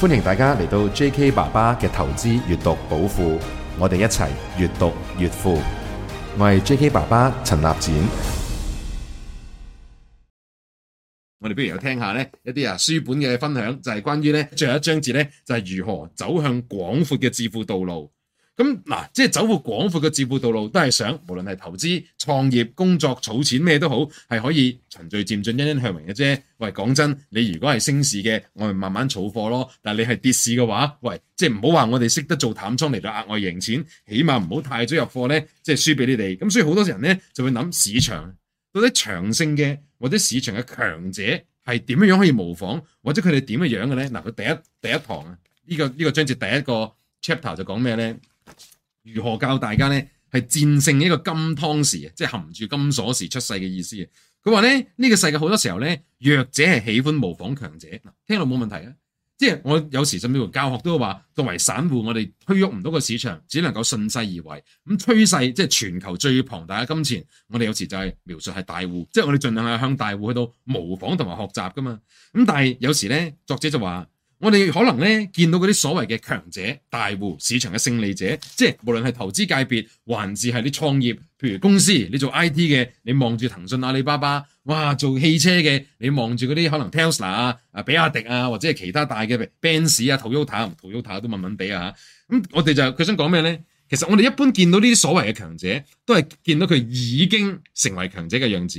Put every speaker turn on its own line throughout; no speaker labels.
歡迎大家嚟到 J.K. 爸爸嘅投資閱讀寶庫，我哋一齊越讀越富。我係 J.K. 爸爸陳立展，我哋不如又聽一下咧一啲啊書本嘅分享，就係、是、關於咧最後一章節咧，就係如何走向廣闊嘅致富道路。咁嗱、啊，即係走向廣闊嘅致富道路，都係想無論係投資、創業、工作、儲錢咩都好，係可以循序漸進，欣欣向榮嘅啫。喂，講真，你如果係升市嘅，我咪慢慢儲貨咯。但係你係跌市嘅話，喂，即係唔好話我哋識得做淡倉嚟到額外贏錢，起碼唔好太早入貨咧，即、就、係、是、輸俾你哋。咁所以好多人咧就會諗，市場到底長勝嘅或者市場嘅強者係點樣樣可以模仿，或者佢哋點樣樣嘅咧？嗱、啊，佢第一第一堂啊，呢、這個呢、這個章節第一個 chapter 就講咩咧？如何教大家呢？係戰勝呢個金湯匙，即係含住金鎖匙出世嘅意思。佢話呢，呢個世界好多時候呢，弱者係喜歡模仿強者。聽到冇問題啊。即係我有時甚至乎教學都話，作為散戶，我哋推喐唔到個市場，只能夠順勢而為。咁趨勢即係全球最龐大嘅金錢，我哋有時就係描述係大戶。即係我哋盡量係向大戶去到模仿同埋學習噶嘛。咁但係有時呢，作者就話。我哋可能咧見到嗰啲所謂嘅強者、大戶、市場嘅勝利者，即係無論係投資界別，還是係啲創業，譬如公司你做 I.T. 嘅，你望住騰訊、阿里巴巴，哇！做汽車嘅，你望住嗰啲可能 Tesla 啊、比亞迪啊，或者係其他大嘅譬如 Benz 啊、Toyota 同 Toyota 都穩穩地啊。咁我哋就佢想講咩咧？其實我哋一般見到呢啲所謂嘅強者，都係見到佢已經成為強者嘅樣子。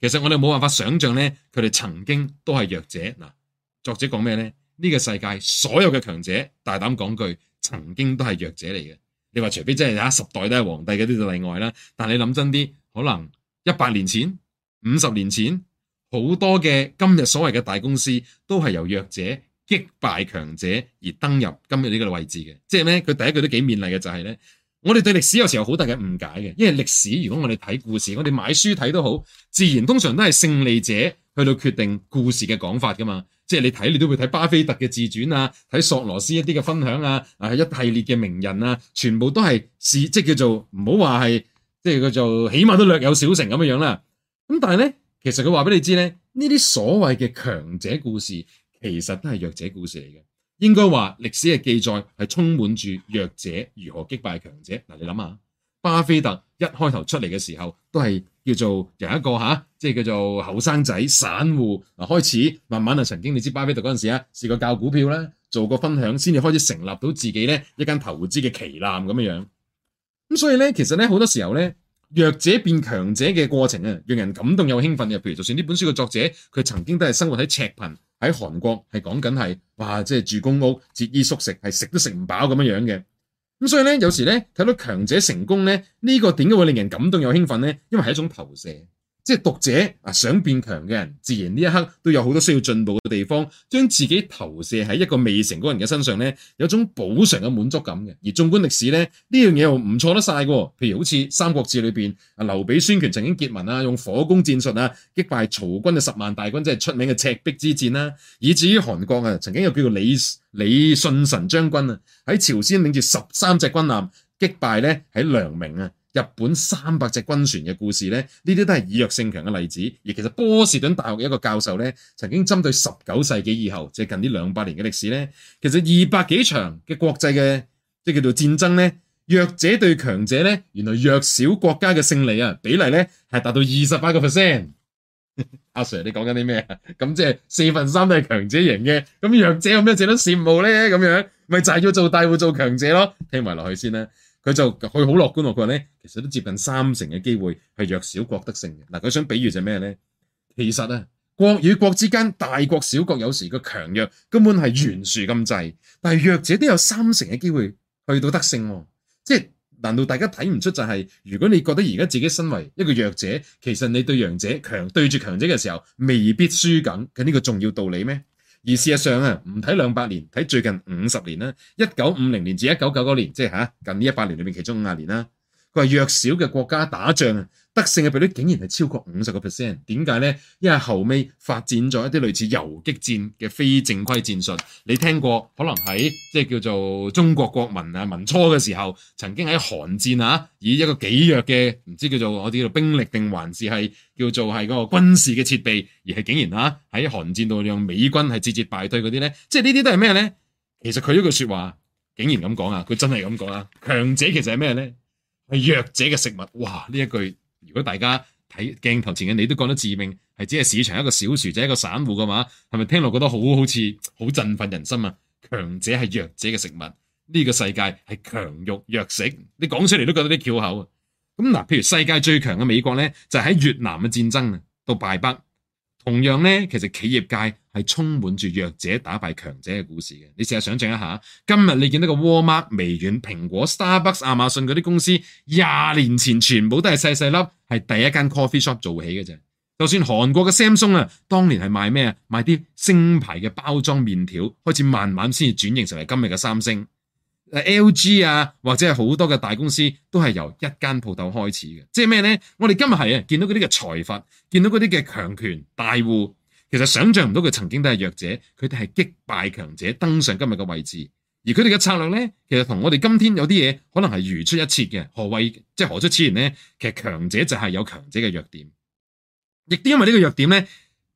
其實我哋冇辦法想象咧，佢哋曾經都係弱者嗱。作者講咩咧？呢個世界所有嘅強者，大膽講句，曾經都係弱者嚟嘅。你話除非真係啊十代都係皇帝嗰啲就例外啦。但係你諗真啲，可能一百年前、五十年前，好多嘅今日所謂嘅大公司，都係由弱者擊敗強者而登入今日呢個位置嘅。即係咧，佢第一句都幾勉勵嘅，就係咧，我哋對歷史有時候好大嘅誤解嘅，因為歷史如果我哋睇故事，我哋買書睇都好，自然通常都係勝利者。去到決定故事嘅講法噶嘛，即係你睇你都會睇巴菲特嘅自傳啊，睇索羅斯一啲嘅分享啊，啊一系列嘅名人啊，全部都係事，即叫做唔好話係，即係叫做起碼都略有小成咁樣樣啦。咁但係咧，其實佢話俾你知咧，呢啲所謂嘅強者故事，其實都係弱者故事嚟嘅。應該話歷史嘅記載係充滿住弱者如何擊敗強者。嗱，你諗下。巴菲特一開頭出嚟嘅時候，都係叫做由一個吓、啊，即係叫做後生仔散戶嗱開始，慢慢啊曾經你知巴菲特嗰陣時啊，試過教股票啦，做過分享，先至開始成立到自己咧一間投資嘅旗艦咁樣樣。咁所以咧，其實咧好多時候咧，弱者變強者嘅過程啊，讓人感動又興奮嘅。譬如就算呢本書嘅作者，佢曾經都係生活喺赤貧喺韓國，係講緊係哇，即係住公屋、節衣縮食，係食都食唔飽咁樣樣嘅。咁所以呢，有時呢睇到強者成功呢，呢個點解會令人感動又興奮呢？因為係一種投射。即係讀者啊，想變強嘅人，自然呢一刻都有好多需要進步嘅地方，將自己投射喺一個未成嗰個人嘅身上咧，有種補償嘅滿足感嘅。而縱觀歷史咧，呢樣嘢又唔錯得晒嘅。譬如好似《三國志》裏邊啊，劉備、孫權曾經結盟啊，用火攻戰術啊擊敗曹軍嘅十萬大軍，即係出名嘅赤壁之戰啦。以至於韓國啊，曾經又叫做李李舜臣將軍啊，喺朝鮮領住十三隻軍艦擊敗咧喺梁明啊。日本三百隻軍船嘅故事咧，呢啲都係以弱勝強嘅例子。而其實波士頓大學嘅一個教授咧，曾經針對十九世紀以後，即係近呢兩百年嘅歷史咧，其實二百幾場嘅國際嘅即叫做戰爭咧，弱者對強者咧，原來弱小國家嘅勝利啊，比例咧係達到二十八個 percent。 阿 Sir，你講緊啲咩？咁即係四分三都係強者贏嘅，咁弱者有咩值得羨慕咧？咁樣，咪就係要做大戶做強者咯。聽埋落去先啦。佢就佢好樂觀，佢話咧，其實都接近三成嘅機會係弱小國得勝嘅。嗱、呃，佢想比喻就咩咧？其實啊，國與國之間，大國小國有時個強弱根本係懸殊咁滯，但係弱者都有三成嘅機會去到得勝，啊。即係難道大家睇唔出就係、是，如果你覺得而家自己身為一個弱者，其實你對弱者強對住強者嘅時候，未必輸緊嘅呢個重要道理咩？而事實上啊，唔睇兩百年，睇最近五十年啦，一九五零年至一九九九年，即係近呢一百年裏面其中五十年啦。話弱小嘅國家打仗啊，得勝嘅比率竟然係超過五十個 percent，點解咧？因為後尾發展咗一啲類似游擊戰嘅非正規戰術。你聽過可能喺即係叫做中國國民啊，民初嘅時候，曾經喺韓戰啊，以一個幾弱嘅唔知叫做我哋叫做「兵力定還是係叫做係嗰個軍事嘅設備，而係竟然啊喺韓戰度讓美軍係節節敗退嗰啲咧，即係呢啲都係咩咧？其實佢一句說話竟然咁講啊，佢真係咁講啊！強者其實係咩咧？係弱者嘅食物，哇！呢一句，如果大家睇鏡頭前嘅你都覺得致命，係只係市場一個小薯仔，就是，一個散戶嘅話，係咪聽落覺得好好似好振奮人心啊？強者係弱者嘅食物，呢，呢個世界係強肉弱食，你講出嚟都覺得啲翹口啊！咁嗱，譬如世界最強嘅美國咧，就喺，是，越南嘅戰爭啊，都敗北。同樣咧，其實企業界係充滿住弱者打敗強者嘅故事嘅。你試下想象一下，今日你見到個 Walmart、微軟、蘋果、Starbucks、亞馬遜嗰啲公司，廿年前全部都係細細粒，係第一間 coffee shop 做起嘅啫。就算韓國嘅 Samsung 啊，當年係賣咩啊？賣啲星牌嘅包裝麵條，開始慢慢先至轉型成為今日嘅三星。LG 啊，或者係好多嘅大公司都係由一間鋪頭開始嘅，即係咩咧？我哋今日係啊，見到嗰啲嘅財閥，見到嗰啲嘅強權大戶，其實想象唔到佢曾經都係弱者，佢哋係擊敗強者登上今日嘅位置，而佢哋嘅策略咧，其實同我哋今天有啲嘢可能係如出一轍嘅。何謂即係何出此言呢？其實強者就係有強者嘅弱點，亦都因為呢個弱點咧，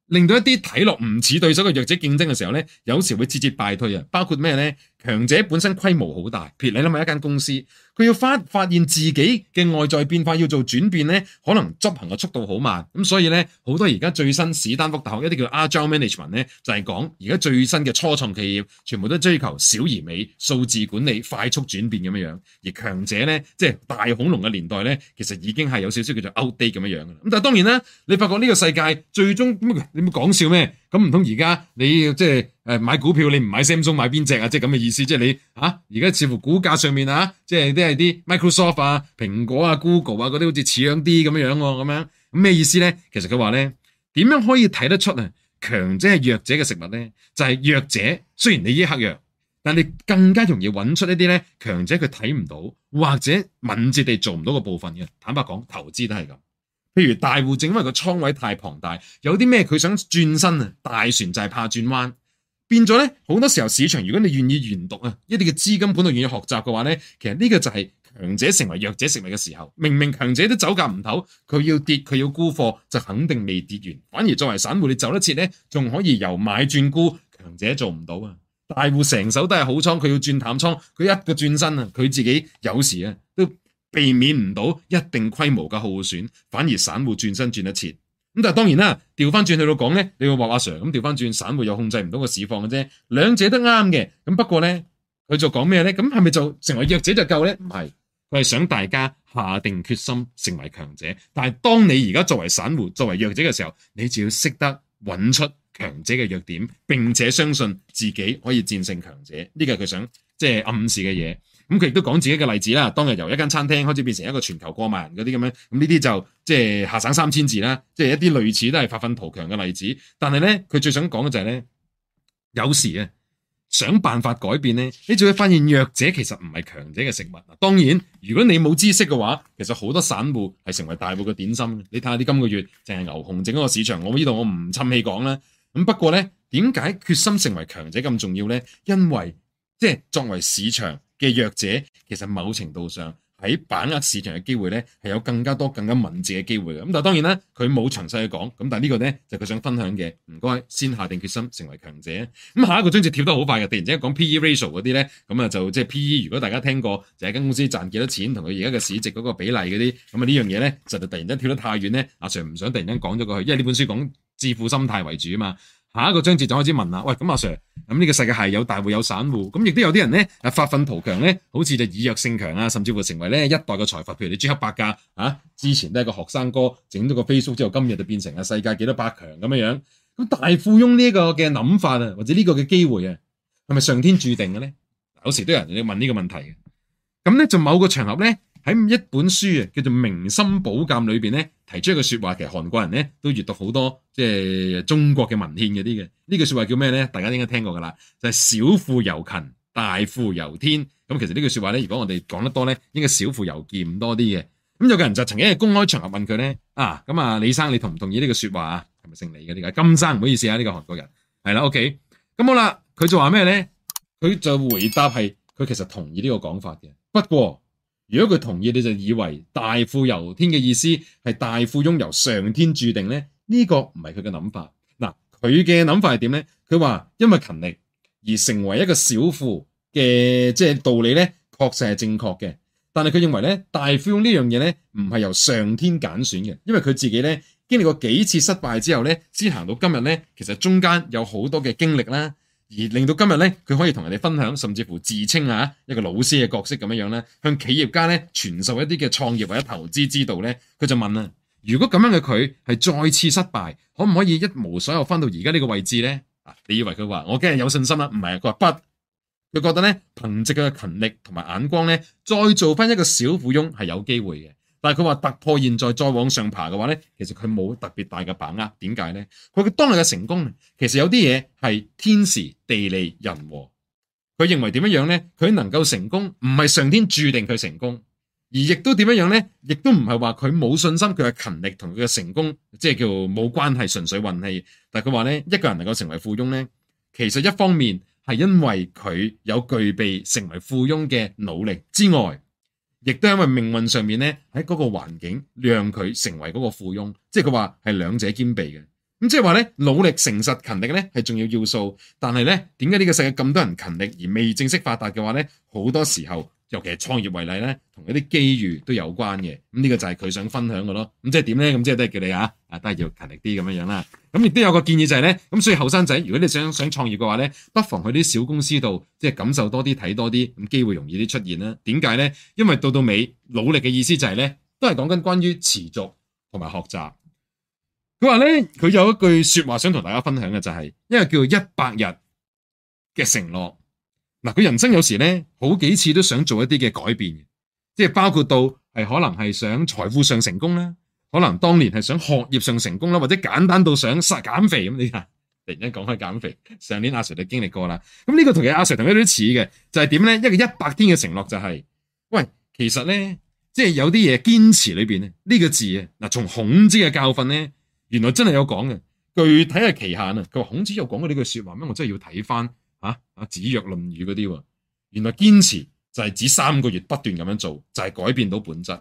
令到一啲睇落唔似對手嘅弱者競爭嘅時候咧，有時會節節敗退啊！包括咩咧？強者本身規模好大，譬如你諗下一間公司，佢要發發現自己嘅外在變化要做轉變咧，可能執行嘅速度好慢。咁所以咧，好多而家最新史丹福大學一啲叫 agile management 咧，就係講而家最新嘅初創企業，全部都追求小而美、數字管理、快速轉變咁樣樣。而強者咧，即係大恐龍嘅年代咧，其實已經係有少少叫做 outdate 咁樣嘅啦。咁但係當然啦，你發覺呢個世界最終點啊？你冇講笑咩？咁唔通而家你即係誒，買股票你唔買 Samsung 買邊隻啊？即係咁嘅意思，即係你啊而家似乎股價上面啊，即係都係啲 Microsoft 啊、蘋果啊、Google 啊嗰啲好似似樣啲咁、啊、樣樣咁樣，咁咩意思咧？其實佢話咧，點樣可以睇得出啊強者係弱者嘅食物咧？就係、是、弱者雖然你依黑弱，但你更加容易揾出一啲咧強者佢睇唔到或者敏捷地做唔到嘅部分嘅。坦白講，投資都係咁。譬如大戶，正因為個倉位太龐大，有啲咩佢想轉身啊，大船就係怕轉彎，變咗咧好多時候市場，如果你願意研讀啊，一定嘅資金盤都願意學習嘅話咧，其實呢個就係強者成為弱者食物嘅時候，明明強者都走夾唔唞，佢要跌佢要沽貨就肯定未跌完，反而作為散戶你走得切咧，仲可以由買轉沽，強者做唔到啊，大戶成手都係好倉，佢要轉淡倉，佢一個轉身啊，佢自己有事啊。避免唔到一定規模嘅耗損，反而散戶轉身轉得切。咁但係當然啦，調翻轉去到講咧，你會話阿 Sir 咁調翻轉，散戶又控制唔到個市況嘅啫。兩者都啱嘅。咁不過咧，佢就講咩咧？咁係咪就成為弱者就夠咧？唔係，佢係想大家下定決心成為強者。但係當你而家作為散戶、作為弱者嘅時候，你就要識得揾出強者嘅弱點，並且相信自己可以戰勝強者。呢個係佢想即係、就是、暗示嘅嘢。咁佢亦都講自己嘅例子啦，當日由一間餐廳開始變成一個全球過萬人嗰啲咁樣，咁呢啲就即係下省三千字啦，即係一啲類似都係發奮圖強嘅例子。但係咧，佢最想講嘅就係、是、咧，有時啊，想辦法改變咧，你就會發現弱者其實唔係強者嘅食物。當然，如果你冇知識嘅話，其實好多散戶係成為大戶嘅點心。你睇下啲今個月淨係牛熊整個市場，我呢度我唔侵氣講啦。咁不過咧，點解決心成為強者咁重要咧？因為即係、就是、作為市場，嘅弱者其實某程度上喺把握市場嘅機會咧，係有更加多、更加敏捷嘅機會嘅。咁但係當然啦，佢冇詳細去講。咁但係呢個咧就佢、是、想分享嘅。唔該，先下定決心成為強者。咁、嗯、下一個章節跳得好快嘅，突然之間講 PE ratio 嗰啲咧，咁啊就即係 PE。如果大家聽過就係間公司賺幾多錢同佢而家嘅市值嗰個比例嗰啲，咁啊呢樣嘢咧實就突然間跳得太遠咧。阿、啊、Sir 唔想突然間講咗過去，因為呢本書講致富心態為主嘛。下一個章節就開始問啦，喂，咁阿、啊、Sir，咁呢個世界係有大戶有散戶，咁亦都有啲人咧，誒發奮圖強咧，好似就以弱勝強啊，甚至乎成為咧一代嘅財閥，譬如你朱克伯格啊，之前都係個學生哥整咗個 Facebook 之後，今日就變成啊世界幾多百強咁樣樣，咁大富翁呢個嘅諗法啊，或者呢個嘅機會啊，係咪上天注定嘅咧？有時都有人要問呢個問題嘅，咁咧就某個場合咧喺一本書啊，叫做《明心寶鑑》裏邊咧。提出一個説話，其實韓國人咧都閲讀好多即係中國嘅文獻嗰啲嘅。呢句説話叫咩咧？大家應該聽過㗎啦，就係、是、小富由勤，大富由天。咁其實句呢句説話咧，如果我哋講得多咧，應該小富由儉多啲嘅。咁有個人就曾經喺公開場合問佢咧，啊咁啊，李生你同唔同意呢句説話啊？係咪姓李嘅呢個金生？唔好意思啊，呢、這個韓國人係啦。OK，咁好啦，佢就話咩咧？佢就回答係佢其實同意呢個講法嘅，不過。如果佢同意，你就以為大富由天嘅意思係大富翁由上天注定咧？呢個唔係佢嘅諗法。嗱，佢嘅諗法係點呢？佢話因為勤力而成為一個小富嘅，道理咧，確實係正確嘅。但係佢認為咧，大富翁呢樣嘢咧，唔係由上天揀選嘅，因為佢自己咧經歷過幾次失敗之後咧，先行到今日呢，其實中間有好多嘅經歷啦。而令到今日咧，佢可以同人哋分享，甚至乎自稱吓一,一個老師嘅角色咁樣樣咧，向企業家咧傳授一啲嘅創業或者投資之道咧。佢就問啦、啊，如果咁樣嘅佢係再次失敗，可唔可以一無所有翻到而家呢個位置咧？啊，你以為佢話我梗係有信心啦？唔係，佢話不，佢覺得咧憑借佢嘅勤力同埋眼光咧，再做翻一個小富翁係有機會嘅。但係佢話突破現在再往上爬嘅話咧，其實佢冇特別大嘅把握。點解咧？佢嘅當日嘅成功其實有啲嘢係天時地利人和。佢認為點樣樣咧？佢能夠成功，唔係上天注定佢成功，而亦都點樣樣咧？亦都唔係話佢冇信心，佢嘅勤力、同佢嘅成功即係叫冇關係，純粹運氣。但係佢話咧，一個人能夠成為富翁咧，其實一方面係因為佢有具備成為富翁嘅努力之外。亦都因為命運上面呢，喺嗰個環境讓佢成為嗰個富翁，即係佢話係兩者兼備嘅。咁即係話呢，努力、誠實、勤力，呢係重要要素，但係呢，點解呢個世界咁多人勤力而未正式發達嘅話呢？好多時候？尤其係創業為例咧，同一啲機遇都有關嘅，咁呢個就係佢想分享嘅咯。咁即係點咧？咁即係都係叫你啊，啊都係要勤力啲咁樣樣啦。咁亦都有個建議就係咧，咁所以後生仔，如果你想想創業嘅話咧，不妨去啲小公司度，即係感受多啲，睇多啲，咁機會容易啲出現啦。點解咧？因為到到尾努力嘅意思就係咧，都係講緊關於持續同埋學習。佢話咧，佢有一句説話想同大家分享嘅就係，一個叫做一百日嘅承諾。嗱，佢人生有時咧，好幾次都想做一啲嘅改變，即係包括到係可能係想財富上成功啦，可能當年係想學業上成功啦，或者簡單到想殺減肥咁。你睇突然間講返減肥，上年阿 Sir 就經歷過啦。咁呢個同阿 Sir 同佢都似嘅，就係點咧？一個一百天嘅承諾就係、是，喂，其實咧，即係有啲嘢堅持裏邊呢，呢、呢個字啊，嗱，從孔子嘅教訓咧，原來真係有講嘅。具體嘅期限啊，佢話孔子有講過呢句說話咩？我真係要睇翻。啊！《子若論語》嗰啲，原來堅持就係指三個月不斷咁樣做，就係改變到本質。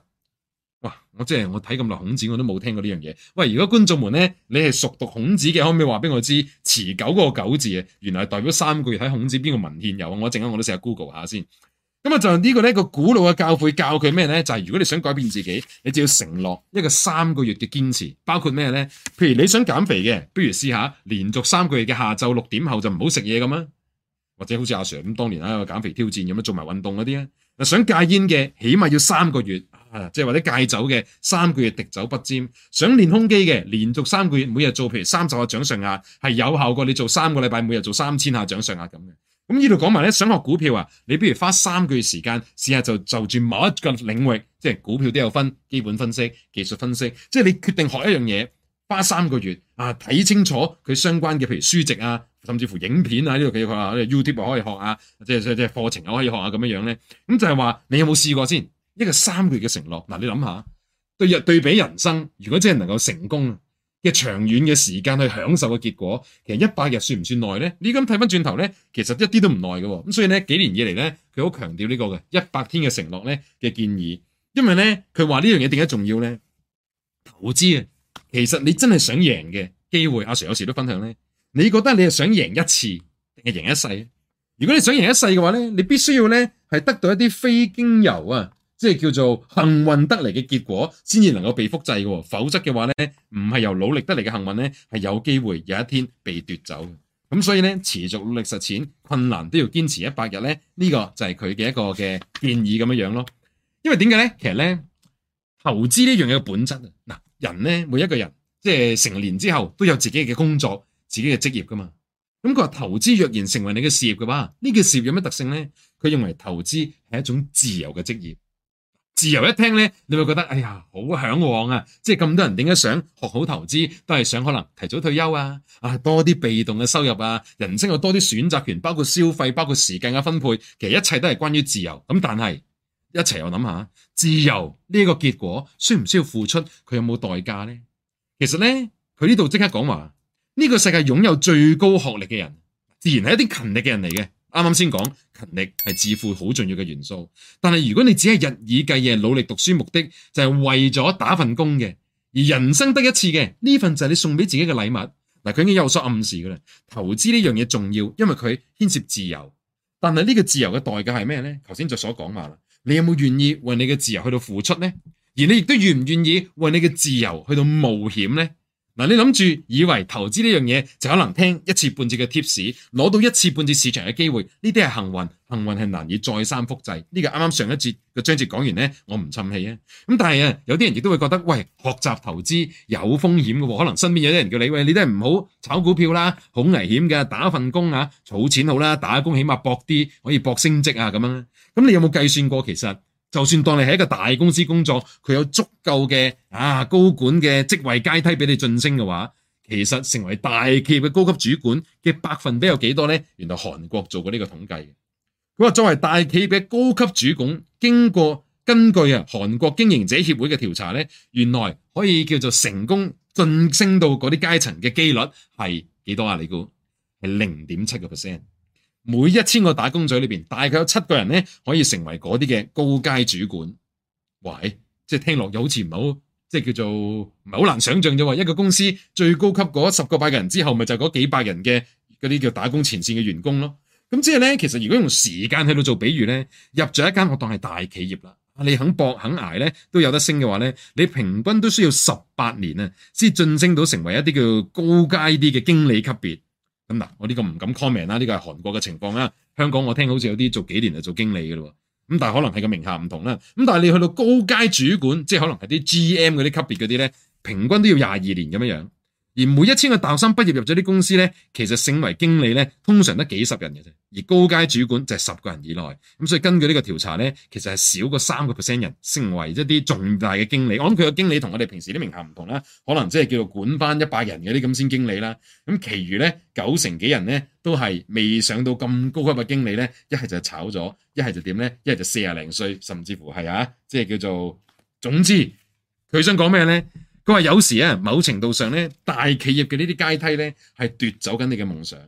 哇！我即係我睇咁耐孔子，我都冇聽過呢樣嘢。喂，如果觀眾們咧，你係熟讀孔子嘅，可唔可以話俾我知，持久個久字嘅，原來係代表三個月喺孔子邊個文獻有？我陣間我都試下 Google 下先。咁啊，就呢個呢個古老嘅教誨，教佢咩咧？就係如果你想改變自己，你就要承諾一個三個月嘅堅持，包括咩咧？譬如你想減肥嘅，不如試下連續三個月嘅下晝六點後就唔好食嘢咁啊！或者好似阿 Sir 咁，當年啊個減肥挑戰咁樣做埋運動嗰啲啊，想戒煙嘅起碼要三個月啊，即係或者戒酒嘅三個月滴酒不沾，想練胸肌嘅連續三個月每日做譬如三十個掌上壓係有效過你做三個禮拜每日做三千下掌上壓咁嘅。咁呢度講埋咧，想學股票啊，你不如花三個月時間試下就就住某一個領域，即係股票都有分基本分析、技術分析，即係你決定學一樣嘢，花三個月啊睇清楚佢相關嘅譬如書籍啊。甚至乎影片啊，呢度嘅佢話 YouTube 可以學下，即係即係課程又可以學下咁樣樣咧。咁就係話你有冇試過先？一個三個月嘅承諾嗱，你諗下對日對比人生，如果真係能夠成功嘅長遠嘅時間去享受嘅結果，其實一百日算唔算耐咧？你咁睇翻轉頭咧，其實一啲都唔耐嘅。咁所以咧，幾年以嚟咧，佢好強調呢個嘅一百天嘅承諾咧嘅建議，因為咧佢話呢樣嘢點解重要咧？投資啊，其實你真係想贏嘅機會，阿 Sir 有時都分享咧。你覺得你係想贏一次定係贏一世？如果你想贏一世嘅話咧，你必須要咧係得到一啲非經由啊，即係叫做幸運得嚟嘅結果，先至能夠被複製嘅。否則嘅話咧，唔係由努力得嚟嘅幸運咧，係有機會有一天被奪走。咁所以咧，持續努力實踐，困難都要堅持一百日咧，呢個就係佢嘅一個嘅建議咁樣樣咯。因為點解咧？其實咧，投資呢樣嘢嘅本質啊，嗱，人咧每一個人即係成年之後都有自己嘅工作。自己嘅職業㗎嘛？咁佢話投資若然成為你嘅事業嘅話，呢個事業有咩特性呢？佢認為投資係一種自由嘅職業。自由一聽呢，你會覺得哎呀好嚮往啊！即係咁多人點解想學好投資，都係想可能提早退休啊，啊多啲被動嘅收入啊，人生有多啲選擇權，包括消費，包括時間嘅分配，其實一切都係關於自由。咁但係一齊又諗下，自由呢個結果需唔需要付出？佢有冇代價呢？其實呢，佢呢度即刻講話。呢個世界擁有最高學歷嘅人，自然係一啲勤力嘅人嚟嘅。啱啱先講勤力係致富好重要嘅元素，但係如果你只係日以繼夜努力讀書，目的就係為咗打份工嘅，而人生得一次嘅呢份就係你送俾自己嘅禮物。嗱，佢已經有所暗示噶啦。投資呢樣嘢重要，因為佢牽涉自由，但係呢個自由嘅代價係咩呢？頭先就所講話啦，你有冇願意為你嘅自由去到付出呢？而你亦都願唔願意為你嘅自由去到冒險呢？嗱，你諗住以為投資呢樣嘢就可能聽一次半次嘅貼士，攞到一次半次市場嘅機會，呢啲係幸運，幸運係難以再三複製。呢個啱啱上一節嘅章節講完咧，我唔忿氣啊。咁但係啊，有啲人亦都會覺得，喂，學習投資有風險嘅，可能身邊有啲人叫你喂，你都係唔好炒股票啦，好危險嘅，打份工啊，儲錢好啦，啊，打工起碼搏啲，可以搏升職啊，咁樣。咁你有冇計算過其實？就算當你喺一個大公司工作，佢有足夠嘅啊高管嘅職位階梯俾你晉升嘅話，其實成為大企業嘅高級主管嘅百分比有幾多呢？原來韓國做過呢個統計嘅。咁啊，作為大企業嘅高級主管，經過根據啊韓國經營者協會嘅調查呢，原來可以叫做成功晉升到嗰啲階層嘅幾率係幾多啊？你估係零點七個 percent。每一千個打工仔裏邊，大概有七個人咧可以成為嗰啲嘅高階主管。喂，即係聽落又好似唔係好，即係叫做唔係好難想象咋話。一個公司最高級嗰十個百人之後，咪就嗰、是、幾百人嘅嗰啲叫打工前線嘅員工咯。咁、嗯、即係咧，其實如果用時間喺度做比喻咧，入咗一間我當係大企業啦，你肯搏肯挨咧，都有得升嘅話咧，你平均都需要十八年啊，先晉升到成為一啲叫高階啲嘅經理級別。咁嗱，我呢個唔敢 comment 啦，呢個係韓國嘅情況啦。香港我聽好似有啲做幾年就做經理嘅咯，咁但係可能係個名下唔同啦。咁但係你去到高階主管，即係可能係啲 GM 嗰啲級別嗰啲咧，平均都要廿二年咁樣樣。而每一千個大學生畢業入咗啲公司咧，其實升為經理咧，通常得幾十人嘅啫。而高階主管就係十個人以內。咁所以根據呢個調查咧，其實係少過三個 percent 人升為一啲重大嘅經理。我諗佢個經理同我哋平時啲名校唔同啦，可能即係叫做管翻一百人嘅啲咁先經理啦。咁其餘咧，九成幾人咧都係未上到咁高級嘅經理咧，一係就炒咗，一係就點咧？一係就四廿零歲，甚至乎係啊，即係叫做。總之，佢想講咩咧？佢話有時咧，某程度上咧，大企業嘅呢啲階梯咧，係奪走緊你嘅夢想。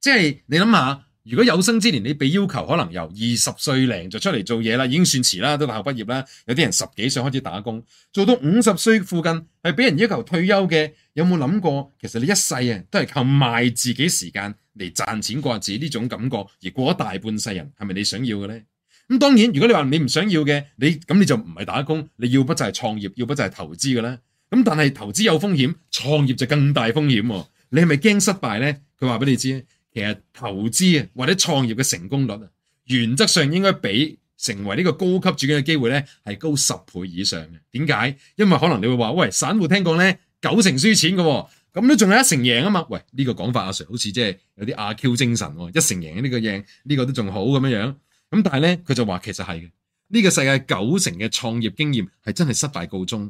即係你諗下，如果有生之年你被要求可能由二十歲零就出嚟做嘢啦，已經算遲啦，都大學畢業啦。有啲人十幾歲開始打工，做到五十歲附近係俾人要求退休嘅，有冇諗過？其實你一世啊，都係靠賣自己時間嚟賺錢過日子呢種感覺，而過咗大半世人，係咪你想要嘅咧？咁當然，如果你話你唔想要嘅，你咁你就唔係打工，你要不就係創業，要不就係投資嘅啦。咁但係投資有風險，創業就更大風險喎。你係咪驚失敗呢？佢話俾你知，其實投資啊或者創業嘅成功率啊，原則上應該比成為呢個高級主管嘅機會呢係高十倍以上嘅。點解？因為可能你會話，喂，散戶聽講呢，九成輸錢嘅喎，咁都仲有一成贏啊嘛。喂，呢個講法阿 Sir 好似即係有啲阿 Q 精神喎，一成贏呢個贏呢個都仲好咁樣樣。咁但係咧，佢就話其實係嘅，呢個世界九成嘅創業經驗係真係失敗告終。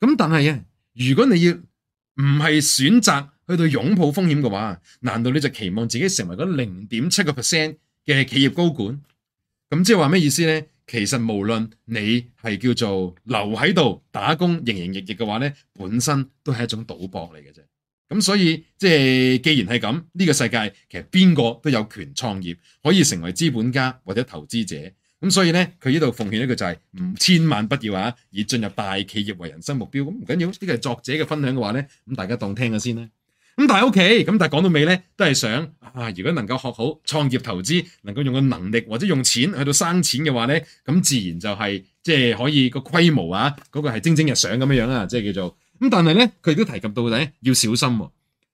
咁但係呀，如果你要唔係選擇去到擁抱風險嘅話，難道你就期望自己成為嗰零點七個 percent 嘅企業高管？咁即係話咩意思咧？其實無論你係叫做留喺度打工，營營役役嘅話咧，本身都係一種賭博嚟嘅啫。咁所以即係既然係咁呢個世界，其實邊個都有權創業，可以成為資本家或者投資者。咁所以呢，佢呢度奉勸一個就係、是、唔，千萬不要啊，以進入大企業為人生目標。咁唔緊要，呢個係作者嘅分享嘅話咧，咁大家當聽下先啦。咁但係 OK，咁但係講到尾呢，都係想啊，如果能夠學好創業投資，能夠用個能力或者用錢去到生錢嘅話呢，咁自然就係、是、即係可以、嗰個規模啊，嗰、嗰個係蒸蒸日上咁樣樣啦，即係叫做。但係咧，佢亦都提及到底要小心，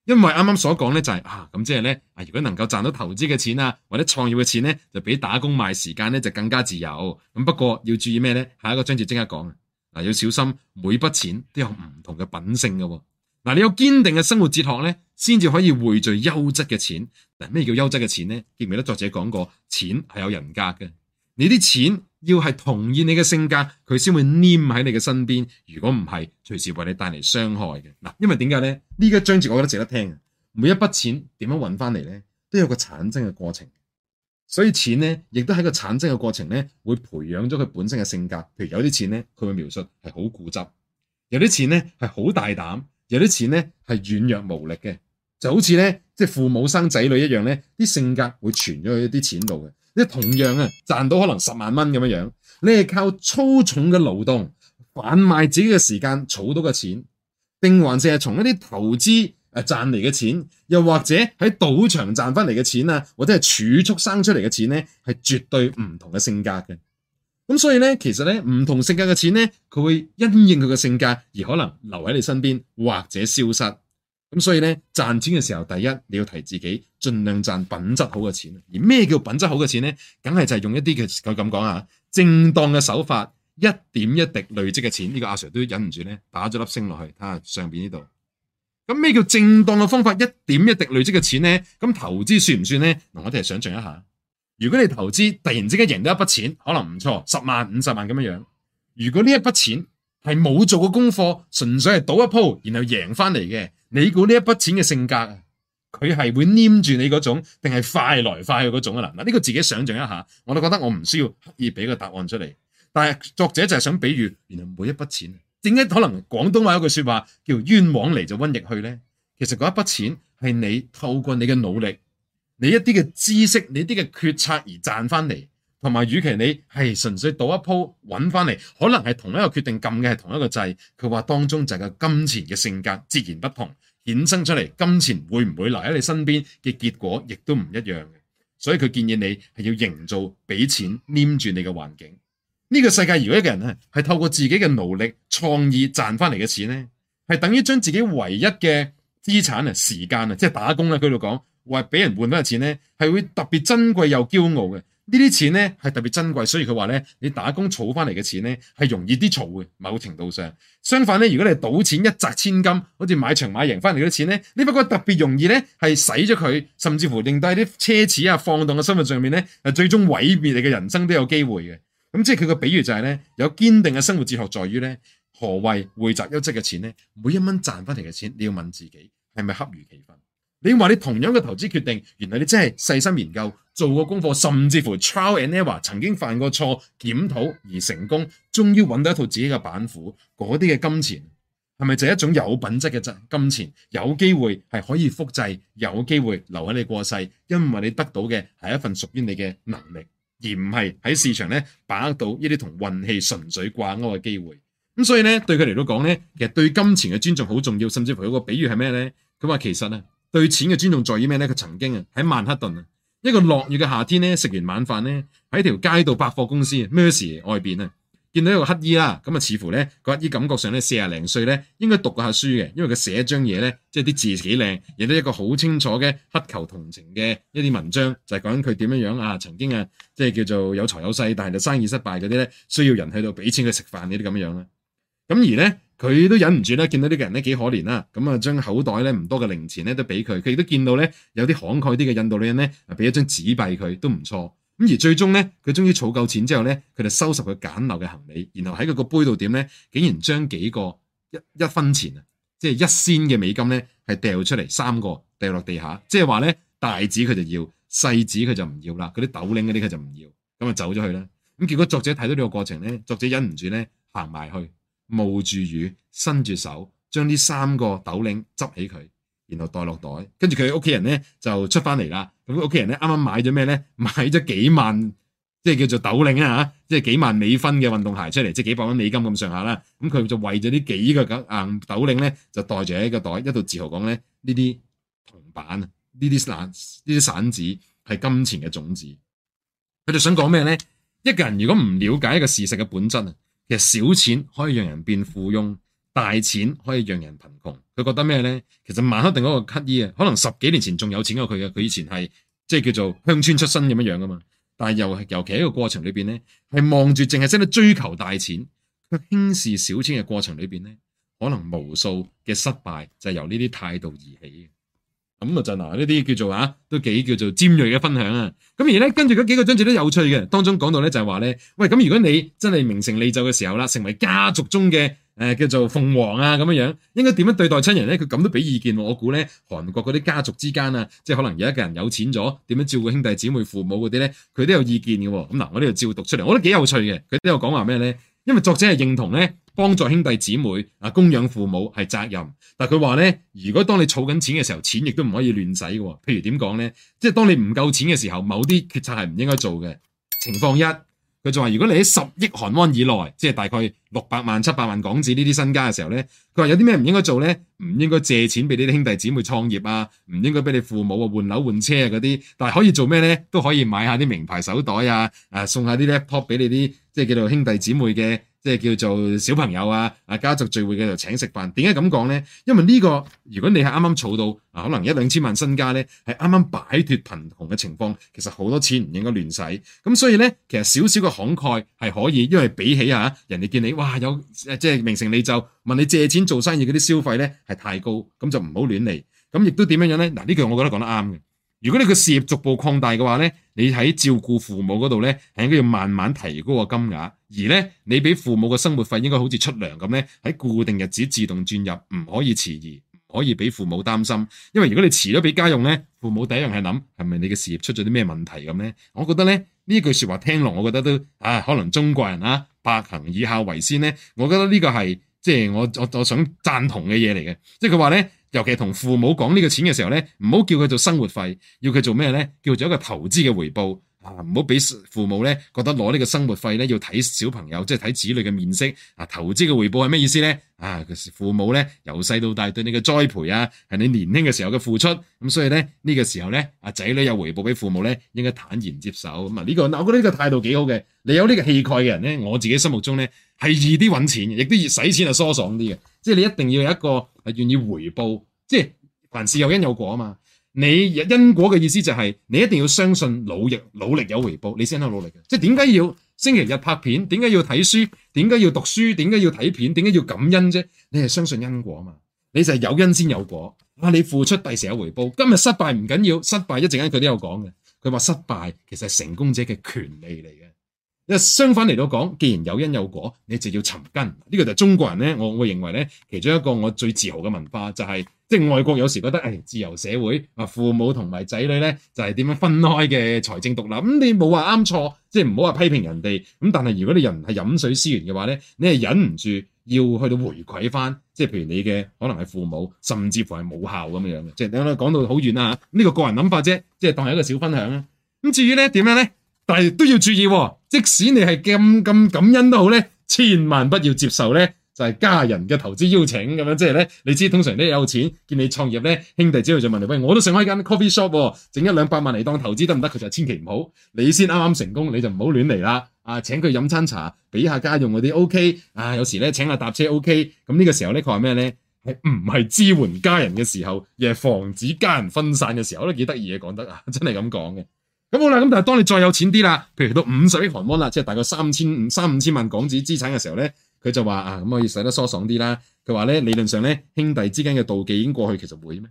因為啱啱所講咧就係啊，咁即係咧啊，如果能夠賺到投資嘅錢啊，或者創業嘅錢咧，就比打工賣時間咧就更加自由。咁不過要注意咩咧？下一個章節即刻講，嗱，要小心每筆錢都有唔同嘅品性嘅。嗱，你有堅定嘅生活哲學咧，先至可以匯聚優質嘅錢。嗱，咩叫優質嘅錢咧？記唔記得作者講過，錢係有人格嘅。你啲錢要係同意你嘅性格，佢先會黏喺你嘅身邊。如果唔係，隨時為你帶嚟傷害嘅嗱。因為點解咧？呢個章節，我覺得值得聽。每一筆錢點樣搵翻嚟咧，都有個產生嘅過程。所以錢咧，亦都喺個產生嘅過程咧，會培養咗佢本身嘅性格。譬如有啲錢咧，佢會描述係好固執；有啲錢咧係好大膽；有啲錢咧係軟弱無力嘅。就好似咧，即係父母生仔女一樣咧，啲性格會存咗去一啲錢度嘅。即同樣啊，賺到可能十萬蚊咁樣樣，你係靠粗重嘅勞動，販賣自己嘅時間，儲到嘅錢，定還是係從一啲投資誒賺嚟嘅錢，又或者喺賭場賺翻嚟嘅錢啊，或者係儲蓄生出嚟嘅錢咧，係絕對唔同嘅性格嘅。咁所以咧，其實咧唔同性格嘅錢咧，佢會因應佢嘅性格而可能留喺你身邊，或者消失。咁所以咧，賺錢嘅時候，第一你要提自己，盡量賺品質好嘅錢。而咩叫品質好嘅錢咧？梗係就係用一啲嘅，佢咁講啊，正當嘅手法，一點一滴累積嘅錢。呢個阿 Sir 都忍唔住咧，打咗粒星落去。睇下上邊呢度。咁咩叫正當嘅方法？一點一滴累積嘅錢咧，咁投資算唔算咧？我哋嚟想像一下，如果你投資突然之間贏到一筆錢，可能唔錯，十萬、五十萬咁樣樣。如果呢一筆錢，係冇做過功課，純粹係賭一鋪，然後贏翻嚟嘅。你估呢一筆錢嘅性格，佢係會黏住你嗰種，定係快來快去嗰種啊？嗱，嗱呢個自己想象一下，我都覺得我唔需要刻意俾個答案出嚟。但係作者就係想比喻，原來每一筆錢點解可能廣東話有句説話叫冤枉嚟就瘟疫去咧？其實嗰一筆錢係你透過你嘅努力、你一啲嘅知識、你一啲嘅決策而賺翻嚟。同埋，與其你係純粹賭一鋪揾翻嚟，可能係同一個決定撳嘅係同一個掣，佢話當中就係金錢嘅性格截然不同，衍生出嚟金錢會唔會留喺你身邊嘅結果，亦都唔一樣嘅。所以佢建議你係要營造俾錢黏住你嘅環境。呢個世界如果一個人咧係透過自己嘅努力創意賺翻嚟嘅錢咧，係等於將自己唯一嘅資產啊時間啊，即係打工咧，佢度講話俾人換翻嘅錢咧，係會特別珍貴又驕傲嘅。呢啲錢呢係特別珍貴，所以佢話呢：「你打工儲翻嚟嘅錢呢係容易啲儲嘅，某程度上。相反呢，如果你係賭錢一擲千金，好似買場買贏翻嚟嗰啲錢呢，你不過特別容易呢係使咗佢，甚至乎令到啲奢侈啊放蕩嘅生活上面呢，誒最終毀滅你嘅人生都有機會嘅。咁、嗯、即係佢個比喻就係呢：「有堅定嘅生活哲學，在於呢，何謂匯集優質嘅錢呢？每一蚊賺翻嚟嘅錢，你要問自己係咪恰如其分？你話你同樣嘅投資決定，原來你真係細心研究、做過功課，甚至乎 trial and error 曾經犯過錯、檢討而成功，終於揾到一套自己嘅板斧。嗰啲嘅金錢係咪就係一種有品質嘅金錢？有機會係可以複製，有機會留喺你過世，因為你得到嘅係一份屬於你嘅能力，而唔係喺市場咧把握到呢啲同運氣純粹掛鈎嘅機會。咁所以咧，對佢嚟到講咧，其實對金錢嘅尊重好重要，甚至乎有個比喻係咩咧？佢話其實啊～對錢嘅尊重在於咩咧？佢曾經啊喺曼克頓啊一個落雨嘅夏天咧，食完晚飯咧喺條街道百貨公司 Macy's 外邊啊，見到一個乞衣啦，咁啊似乎咧個乞衣感覺上咧四廿零歲咧，應該讀過下書嘅，因為佢寫一張嘢咧，即係啲字幾靚，亦都一個好清楚嘅乞求同情嘅一啲文章，就係講佢點樣樣啊，曾經啊即係叫做有財有勢，但係就生意失敗嗰啲咧，需要人去到俾錢佢食飯呢啲咁樣咧，咁而咧。佢都忍唔住啦，見到呢個人咧幾可憐啦、啊，咁啊將口袋咧唔多嘅零錢咧都俾佢。佢亦都見到咧有啲慷慨啲嘅印度女人咧，啊俾一張紙幣佢都唔錯。咁而最終咧，佢終於儲夠錢之後咧，佢就收拾佢簡陋嘅行李，然後喺佢個杯度點咧，竟然將幾個一一分錢啊、就是，即係一仙嘅美金咧，係掉出嚟三個掉落地下。即係話咧大紙佢就要，細紙佢就唔要啦。嗰啲斗零嗰啲佢就唔要，咁啊走咗去啦。咁結果作者睇到呢個過程咧，作者忍唔住咧行埋去。冒住雨，伸住手，將呢三個斗領執起佢，然後袋落袋，跟住佢屋企人咧就出翻嚟啦。咁佢屋企人咧啱啱買咗咩咧？買咗幾萬，即係叫做斗領啊吓，即係幾萬美分嘅運動鞋出嚟，即係幾百蚊美金咁上下啦。咁、嗯、佢就為咗呢幾個硬斗領咧，就袋住喺個袋，一度自豪講咧，呢啲銅板、呢啲散、呢啲散紙係金錢嘅種子。佢就想講咩咧？一個人如果唔了解一個事實嘅本質啊！其實小錢可以讓人變富翁，大錢可以讓人貧窮。佢覺得咩呢？其實萬克定嗰個乞丐啊，可能十幾年前仲有錢過佢嘅。佢以前係即係叫做鄉村出身咁樣樣嘛。但係又尤其喺個過程裏面呢，係望住淨係真追求大錢，卻輕視小錢嘅過程裏面呢，可能無數嘅失敗就是由呢啲態度而起。咁啊真，啊呢啲叫做啊都幾叫做尖銳嘅分享啊，咁而咧跟住嗰幾個章節都有趣嘅。當中講到咧就係話咧，喂咁如果你真係名成利就嘅時候啦，成為家族中嘅，誒、呃、叫做鳳凰啊咁樣樣，應該點樣對待親人咧？佢咁都俾意見我估咧，韓國嗰啲家族之間啊，即係可能有一個人有錢咗，點樣照顧兄弟姊妹、父母嗰啲咧？佢都有意見嘅，啊。咁、嗯、嗱，我呢度照讀出嚟，我都幾有趣嘅。佢都有講話咩咧？因為作者係認同咧，幫助兄弟姐妹啊，供養父母係責任。但係佢話咧，如果當你儲緊錢嘅時候，錢亦都唔可以亂使嘅喎。譬如點講咧？即係當你唔夠錢嘅時候，某啲決策係唔應該做嘅。情況一。佢仲話：如果你喺十億韓安以內，即係大概六百萬、七百萬港紙呢啲身家嘅時候咧，佢話有啲咩唔應該做咧？唔應該借錢俾你啲兄弟姊妹創業啊，唔應該俾你父母啊換樓換車嗰、啊、啲。但係可以做咩咧？都可以買下啲名牌手袋啊，誒、啊、送下啲呢 top 俾你啲即係叫做兄弟姊妹嘅。即係叫做小朋友啊，啊家族聚會嘅就請食飯。點解咁講咧？因為呢個如果你係啱啱儲到啊，可能一兩千萬身家咧，係啱啱擺脱貧窮嘅情況，其實好多錢唔應該亂使。咁所以咧，其實少少嘅慷慨係可以，因為比起啊人哋見你哇有即係名成利就問你借錢做生意嗰啲消費咧係太高，咁就唔好亂嚟。咁亦都點樣樣咧？嗱，呢句我覺得講得啱嘅。如果你個事業逐步擴大嘅話咧，你喺照顧父母嗰度咧係應該要慢慢提高個金額。而咧，你俾父母嘅生活費應該好似出糧咁咧，喺固定日子自動轉入，唔可以遲疑，唔可以俾父母擔心。因為如果你遲咗俾家用咧，父母第一樣係諗係咪你嘅事業出咗啲咩問題咁咧？我覺得咧呢句説話聽落，我覺得都啊，可能中國人啊，百行以孝為先咧。我覺得呢個係即係我我我想贊同嘅嘢嚟嘅。即係佢話咧，尤其係同父母講呢個錢嘅時候咧，唔好叫佢做生活費，要佢做咩咧？叫做一個投資嘅回報。啊，唔好俾父母咧覺得攞呢個生活費咧要睇小朋友，即係睇子女嘅面色。啊，投資嘅回報係咩意思咧？啊，父母咧由細到大對你嘅栽培啊，係你年輕嘅時候嘅付出。咁、啊、所以咧呢、呢個時候咧，阿仔女有回報俾父母咧，應該坦然接受。咁啊呢、呢個啊，我覺得呢個態度幾好嘅。你有呢個氣概嘅人咧，我自己心目中咧係易啲揾錢，亦都要使錢係疏爽啲嘅。即係你一定要有一個係願意回報，即係凡事有因有果啊嘛。你因果嘅意思就係你一定要相信努力努力，有回報，你先得努力嘅。即係點解要星期日拍片？點解要睇書？點解要讀書？點解要睇片？點解要感恩啫？你係相信因果嘛？你就係有因先有果。啊，你付出第時有回報。今日失敗唔緊要，失敗一陣間佢都有講嘅。佢話失敗其實係成功者嘅權利嚟嘅。因相反嚟到講，既然有因有果，你就要尋根。呢個就係中國人咧，我會認為咧，其中一個我最自豪嘅文化就係。即係外國有時覺得誒、哎、自由社會啊，父母同埋仔女咧就係、是、點樣分開嘅財政獨立，咁、嗯、你冇話啱錯，即係唔好話批評人哋。咁但係如果你人係飲水思源嘅話咧，你係忍唔住要去到回饋返，即係譬如你嘅可能係父母，甚至乎係母校咁樣嘅，即係講到講到好遠啦，呢個個人諗法啫，即係當係一個小分享啦。咁、嗯、至於咧點樣咧？但係都要注意、哦，即使你係咁咁感恩都好咧，千萬不要接受咧。就係家人嘅投資邀請咁樣，即係咧，你知通常你有錢見你創業咧，兄弟之類就問你：喂，我都想開間 coffee shop 喎，整一兩百萬嚟當投資得唔得？佢就千祈唔好，你先啱啱成功你就唔好亂嚟啦。啊，請佢飲餐茶，俾下家用嗰啲 OK。啊，有時咧請下搭車 OK。咁呢個時候咧，佢話咩咧？係唔係支援家人嘅時候，而係防止家人分散嘅時候，我都幾得意嘅講得啊，真係咁講嘅。咁好啦，咁但係當你再有錢啲啦，譬如到五十億韓元啦，即係大概三千五三五千萬港紙資產嘅時候咧。佢就話啊，咁我要使得疏爽啲啦。佢話咧，理論上咧，兄弟之間嘅妒忌已經過去，其實會咩？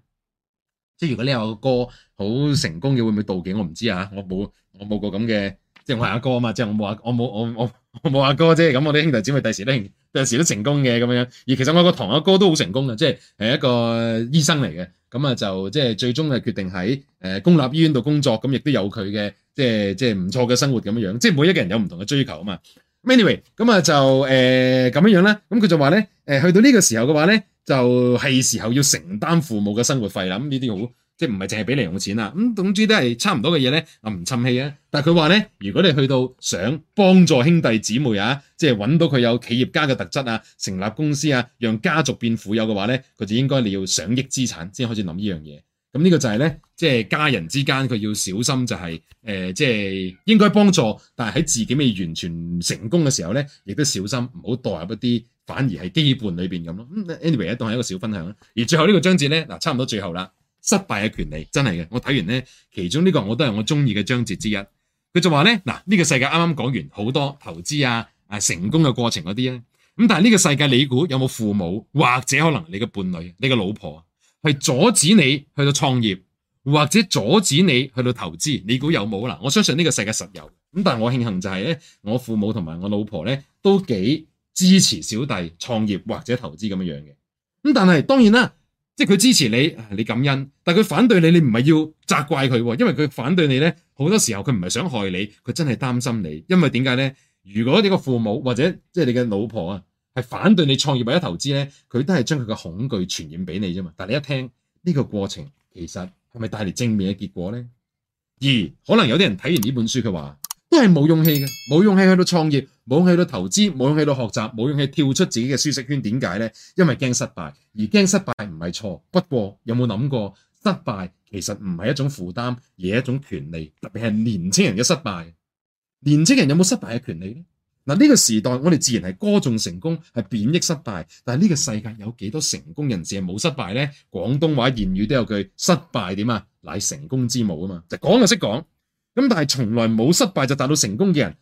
即係如果你有個哥好成功嘅，會唔會妒忌？我唔知啊，我冇我冇個咁嘅，即係我係阿哥啊嘛，即係我冇話我冇我我我冇阿哥啫。咁我啲兄弟姊妹第時都第時都成功嘅咁樣。而其實我個堂阿哥都好成功嘅，即係係一個醫生嚟嘅。咁啊就即係最終係決定喺誒公立醫院度工作，咁亦都有佢嘅即係即係唔錯嘅生活咁樣。即係每一個人有唔同嘅追求啊嘛。Anyway，咁啊就誒咁、呃、樣樣啦。咁佢就話咧，誒、呃、去到呢個時候嘅話咧，就係、是、時候要承擔父母嘅生活費啦。咁呢啲好，即係唔係淨係俾零用錢啊？咁、嗯、總之都係差唔多嘅嘢咧。啊，唔襯氣啊！但係佢話咧，如果你去到想幫助兄弟姊妹啊，即係揾到佢有企業家嘅特質啊，成立公司啊，讓家族變富有嘅話咧，佢就應該你要上億資產先開始諗呢樣嘢。咁呢個就係咧，即、就、係、是、家人之間佢要小心、就是呃，就係誒，即係應該幫助，但係喺自己未完全成功嘅時候咧，亦都小心唔好代入一啲反而係羈絆裏邊咁咯。Anyway，當係一個小分享啦。而最後呢個章節咧，嗱差唔多最後啦，失敗嘅權利真係嘅。我睇完咧，其中呢個我都係我中意嘅章節之一。佢就話咧，嗱呢、呢個世界啱啱講完好多投資啊，啊成功嘅過程嗰啲啊，咁但係呢個世界你估有冇父母或者可能你嘅伴侶、你嘅老婆？係阻止你去到創業或者阻止你去到投資，你估有冇啊？嗱，我相信呢個世界實有咁，但係我慶幸就係咧，我父母同埋我老婆咧都幾支持小弟創業或者投資咁樣樣嘅。咁但係當然啦，即係佢支持你，你感恩；但係佢反對你，你唔係要責怪佢，因為佢反對你咧，好多時候佢唔係想害你，佢真係擔心你。因為點解咧？如果你個父母或者即係你嘅老婆啊？係反對你創業或者投資呢，佢都係將佢嘅恐懼傳染俾你啫嘛。但你一聽呢個過程，其實係咪帶嚟正面嘅結果呢？二可能有啲人睇完呢本書，佢話都係冇勇氣嘅，冇勇氣去到創業，冇勇氣去到投資，冇勇氣去到學習，冇勇氣跳出自己嘅舒適圈。點解呢？因為驚失敗，而驚失敗唔係錯。不過有冇諗過，失敗其實唔係一種負擔，而係一種權利。特別係年青人嘅失敗，年青人有冇失敗嘅權利呢？嗱，呢個時代，我哋自然係歌頌成功，係貶抑失敗。但係呢個世界有幾多成功人士係冇失敗呢？廣東話言語都有句失敗點啊，乃成功之母啊嘛。就講就識講，咁但係從來冇失敗就達到成功嘅人，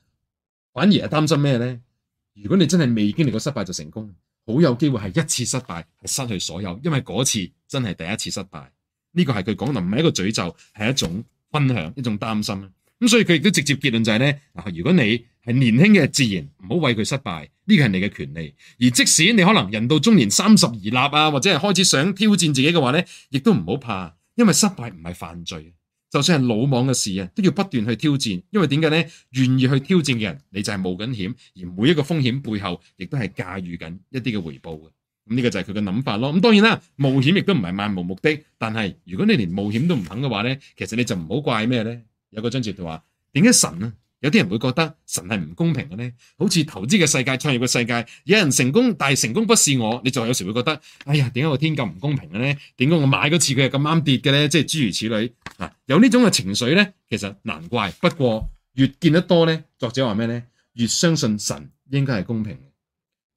反而係擔心咩呢？如果你真係未經歷過失敗就成功，好有機會係一次失敗係失去所有，因為嗰次真係第一次失敗。呢、這個係佢講嘅，唔係一個詛咒，係一種分享，一種擔心。咁、嗯、所以佢亦都直接結論就係、是、呢：如果你係年輕嘅自然，唔好畏懼失敗，呢個係你嘅權利。而即使你可能人到中年三十而立啊，或者係開始想挑戰自己嘅話呢，亦都唔好怕，因為失敗唔係犯罪。就算係魯莽嘅事啊，都要不斷去挑戰。因為點解呢？願意去挑戰嘅人，你就係冒緊險，而每一個風險背後，亦都係駕馭緊一啲嘅回報嘅。咁呢個就係佢嘅諗法咯。咁當然啦，冒險亦都唔係漫無目的。但係如果你連冒險都唔肯嘅話呢，其實你就唔好怪咩呢？有個章節就話點解神啊？有啲人會覺得神係唔公平嘅咧，好似投資嘅世界、創業嘅世界，有人成功，但係成功不是我，你就有時會覺得，哎呀，點解個天咁唔公平嘅咧？點解我買嗰次佢係咁啱跌嘅咧？即係諸如此類啊，有呢種嘅情緒咧，其實難怪。不過越見得多咧，作者話咩咧？越相信神應該係公平。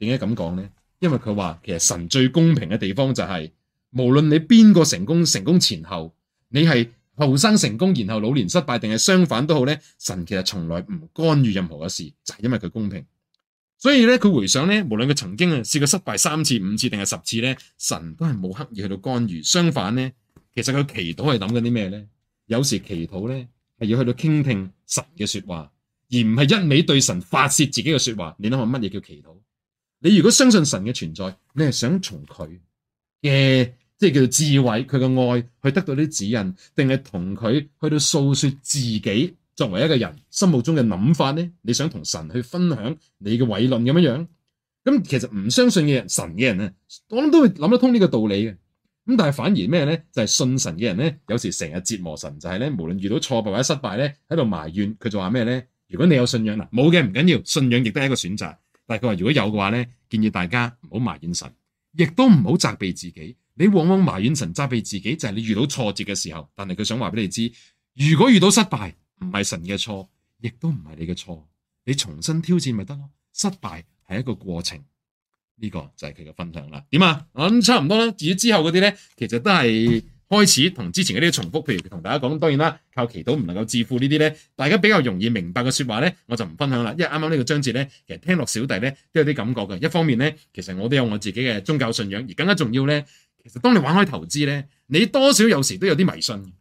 點解咁講咧？因為佢話其實神最公平嘅地方就係、是，無論你邊個成功，成功前後，你係。後生成功，然後老年失敗，定係相反都好咧，神其實從來唔干預任何嘅事，就係因為佢公平。所以咧，佢回想咧，無論佢曾經啊試過失敗三次、五次定係十次咧，神都係冇刻意去到干預。相反咧，其實佢祈禱係諗緊啲咩咧？有時祈禱咧係要去到傾聽神嘅說話，而唔係一味對神發洩自己嘅說話。你諗下乜嘢叫祈禱？你如果相信神嘅存在，你係想從佢嘅。即係叫做智慧，佢嘅愛去得到啲指引，定係同佢去到訴說自己作為一個人心目中嘅諗法咧？你想同神去分享你嘅偉論咁樣樣？咁其實唔相信嘅神嘅人啊，我諗都會諗得通呢個道理嘅。咁但係反而咩咧？就係、是、信神嘅人咧，有時成日折磨神就係咧，無論遇到挫敗或者失敗咧，喺度埋怨佢就話咩咧？如果你有信仰嗱，冇嘅唔緊要，信仰亦都係一個選擇。但係佢話如果有嘅話咧，建議大家唔好埋怨神，亦都唔好責備自己。你往往埋怨神責備自己，就係你遇到挫折嘅時候。但係佢想話俾你知，如果遇到失敗，唔係神嘅錯，亦都唔係你嘅錯。你重新挑戰咪得咯？失敗係一個過程，呢個就係佢嘅分享啦。點啊？咁差唔多啦。至於之後嗰啲咧，其實都係開始同之前嗰啲重複。譬如同大家講，當然啦，靠祈禱唔能夠致富呢啲咧，大家比較容易明白嘅說話咧，我就唔分享啦。因為啱啱呢個章節咧，其實聽落小弟咧都有啲感覺嘅。一方面咧，其實我都有我自己嘅宗教信仰，而更加重要咧。其實當你玩開投資咧，你多少有時都有啲迷信，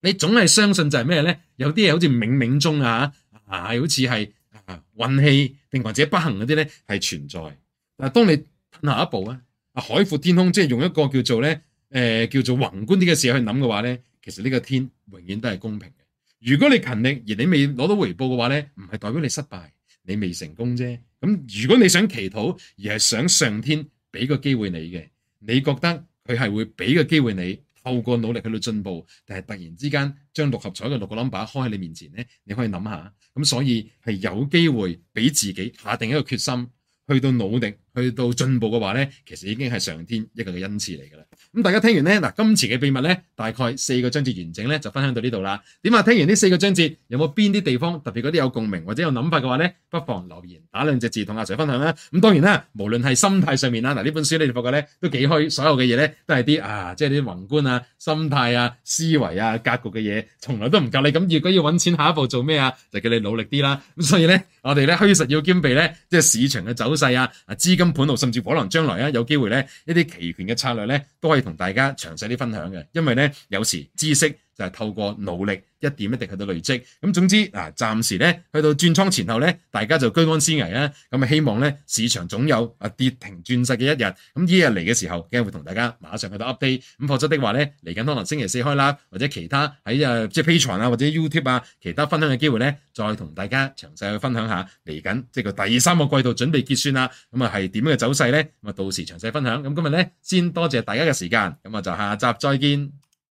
你總係相信就係咩咧？有啲嘢，好似冥冥中啊，啊係好似係啊運氣，定或者不幸嗰啲咧係存在。但，當你下一步啊，啊海闊天空，即係用一個叫做咧誒、呃、叫做宏觀啲嘅視野去諗嘅話咧，其實呢個天永遠都係公平嘅。如果你勤力而你未攞到回報嘅話咧，唔係代表你失敗，你未成功啫。咁如果你想祈禱而係想上天俾個機會你嘅。你覺得佢係會俾個機會你透過努力去到進步，定係突然之間將六合彩嘅六個 number 開喺你面前咧？你可以諗下，咁所以係有機會俾自己下定一個決心去到努力。去到進步嘅話咧，其實已經係上天一個嘅恩賜嚟嘅啦。咁、嗯、大家聽完咧，嗱，今次嘅秘密咧，大概四個章節完整咧就分享到呢度啦。點啊？聽完呢四個章節，有冇邊啲地方特別嗰啲有共鳴或者有諗法嘅話咧，不妨留言打兩隻字同阿 Sir 分享啦。咁、嗯、當然啦，無論係心態上面啦，嗱、呃、呢本書你哋發覺咧都幾虛，所有嘅嘢咧都係啲啊，即係啲宏觀啊、心態啊、思維啊、格局嘅嘢，從來都唔夠你。咁如果要揾錢，下一步做咩啊？就叫你努力啲啦。咁、嗯、所以咧，我哋咧虛實要兼備咧，即係市場嘅走勢啊、資金盤度甚至可能將來啊，有機會咧，一啲期權嘅策略咧，都可以同大家詳細啲分享嘅，因為咧，有時知識。就係透過努力一點一滴去到累積，咁總之嗱，暫時咧去到轉倉前後咧，大家就居安思危啦。咁啊，希望咧市場總有啊跌停轉勢嘅一日。咁呢日嚟嘅時候，梗係會同大家馬上去到 update。咁否則的話咧，嚟緊可能星期四開啦，或者其他喺誒即係 Patreon 啊，或者 YouTube 啊，其他分享嘅機會咧，再同大家詳細去分享下嚟緊即係個第三個季度準備結算啦。咁啊係點樣嘅走勢咧？咁啊到時詳細分享。咁今日咧先多謝大家嘅時間，咁啊就下集再見。